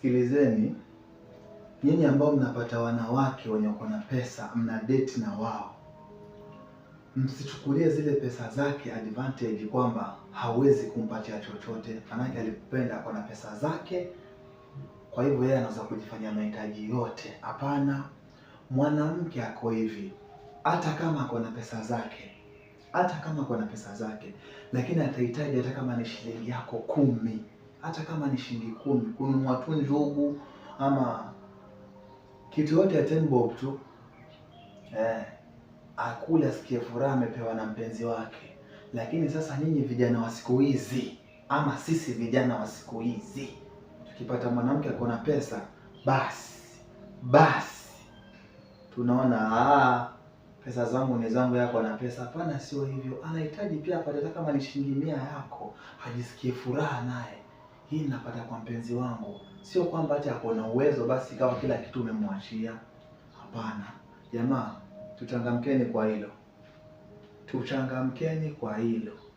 Sikilizeni nyinyi ambao mnapata wanawake wenye wako na pesa, mna date na wao, msichukulie zile pesa zake advantage kwamba hawezi kumpatia chochote, manake alikupenda, ako na pesa zake, kwa hivyo yeye anaweza kujifanyia mahitaji yote. Hapana, mwanamke ako hivi, hata kama ako na pesa zake, hata kama ako na pesa zake, lakini atahitaji hata kama ni shilingi yako kumi hata kama ni shilingi kumi, kununua tu njugu ama kitu yote ya ten bob tu eh, akule asikie furaha amepewa na mpenzi wake. Lakini sasa nyinyi vijana wa siku hizi ama sisi vijana wa siku hizi tukipata mwanamke akona pesa basi basi tunaona aa, pesa zangu ni zangu, yako na pesa. Hapana, sio hivyo. Anahitaji pia apate kama ni shilingi mia yako, ajisikie furaha naye hii napata kwa mpenzi wangu, sio kwamba hata ako na uwezo basi ikawa kila kitu umemwachia. Hapana jamaa, tuchangamkeni kwa hilo, tuchangamkeni kwa hilo.